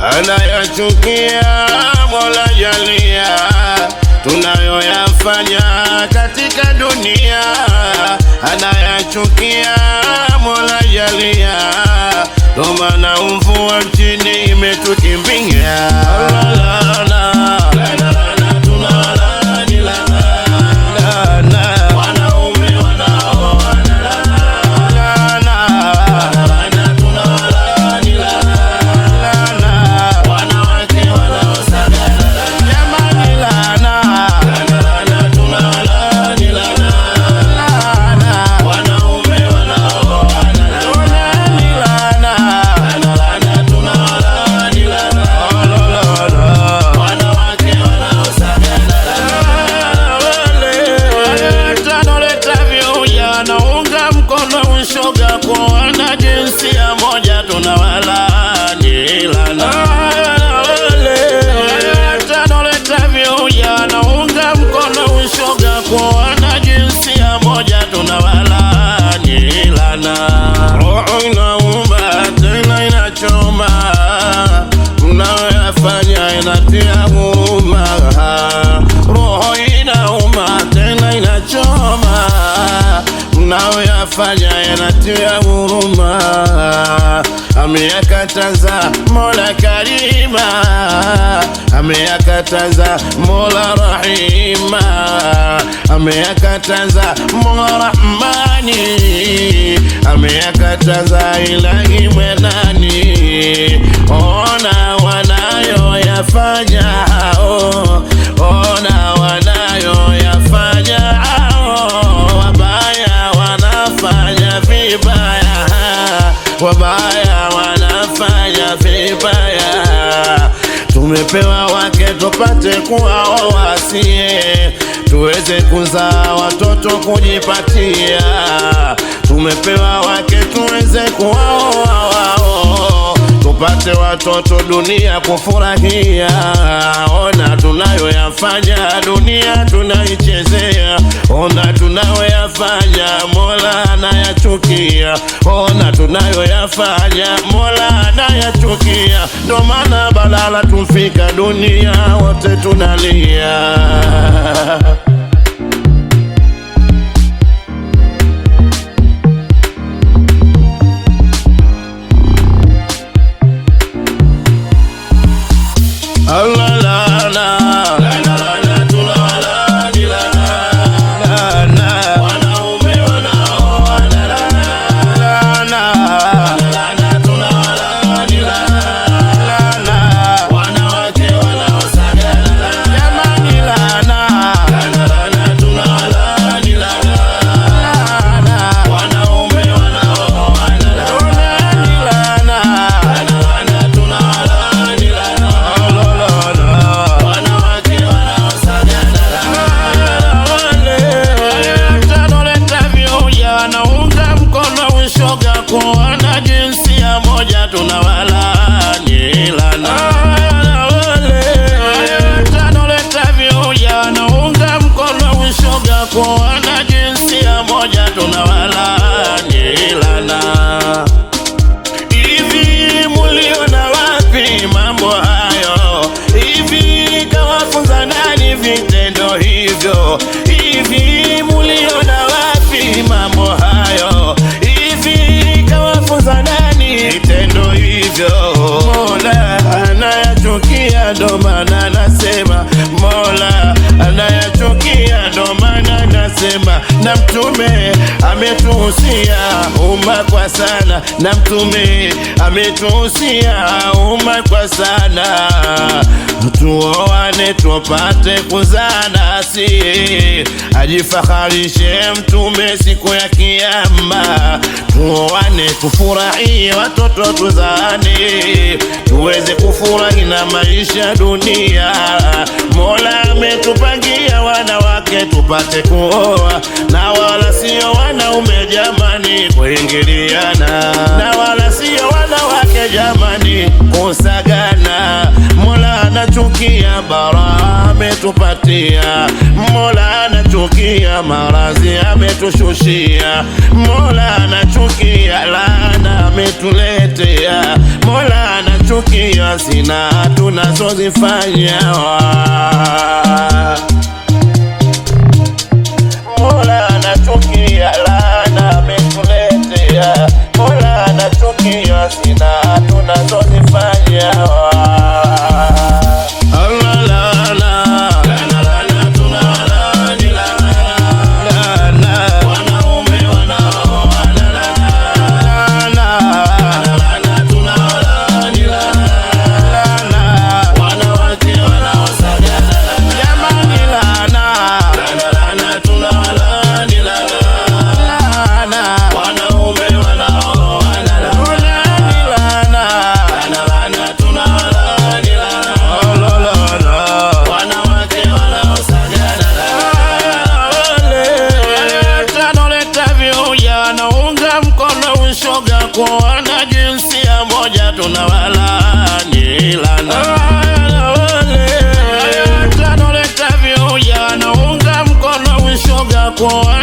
anayachukia Mola jalia, tunayoyafanya katika dunia anayachukia Mola jalia, ndo maana mvua mchini imetukimbia one. yote ya huruma ameyakataza Mola Karima, ameyakataza Mola Rahima, ameyakataza Mola Rahmani, ameyakataza Ilahi mwenani. Ona wanayoyafanya wabaya wanafanya vibaya. Tumepewa wake tupate kuwaoa sie, tuweze kuzaa watoto kujipatia. Tumepewa wake tuweze kuwaoa wao, tupate watoto dunia kufurahia. Ona tunayoyafanya dunia tunaichezea Ona tunayoyafanya Mola anayachukia, ona tunayoyafanya Mola anayachukia. Ndo maana balala tumfika dunia, wote tunalia Allah Mola anayachukia, ndo maana nasema Mola anayachukia, ndo maana nasema, na Mtume ametuhusia umma kwa sana, na Mtume ametuhusia umma kwa sana, tuoane tupate kuzana, si ajifaharishe Mtume siku ya Kiyama tuoane, tufurahie watoto tuzane, tuweze kufurahi na maisha dunia. Mola ametupangia wanawake tupate kuoa na wala sio wanaume jamani, kuingiliana na wala sio wanawake jamani, kusagana. Mola anachukia, bara ametupatia Mola tunachukia, marazi ametushushia, Mola anachukia, laana ametuletea, Mola anachukia, sina tunazozifanya Kwa wana jinsia moja tunawalaani, ilana tano leta viuja wanaunga mkono wishoga kwa